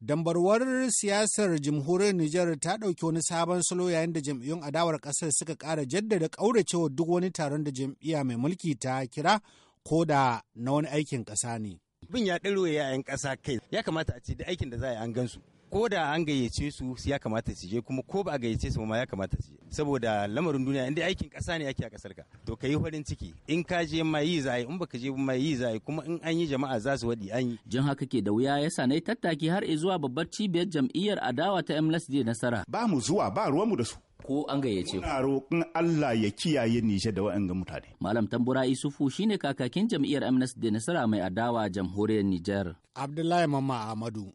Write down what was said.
Dambarwar siyasar jamhuriyar Nijar ta ɗauki wani sabon salo yayin da jam'iyyun adawar ƙasar suka ƙara jaddada ƙauracewa duk wani taron da jam'iyya mai mulki ta kira ko da na wani aikin ƙasa ne. Bin ya ɗaure 'ya'yan ƙasa kai ya kamata a ce da aikin da za a yi an gansu. ko da an gayyace su ya kamata su je kuma ko ba a gayyace su ma ya kamata su je saboda lamarin duniya inda aikin kasa ne ake a ƙasar ka to ka yi farin ciki in ka je ma yi za in baka je ma yi za kuma in an yi jama'a za su waɗi an yi. jin haka ke da wuya ya sanai tattaki har zuwa babbar cibiyar jam'iyyar adawa ta MLSD nasara. ba mu zuwa ba ruwan mu da su. ko an gayyace ku. roƙin Allah ya kiyaye Nijar da waɗanda mutane. Malam Tambura Isufu shine kakakin jam'iyyar Amnesty Nasara mai adawa jamhuriyar Nijar. Abdullahi Mamma Ahmadu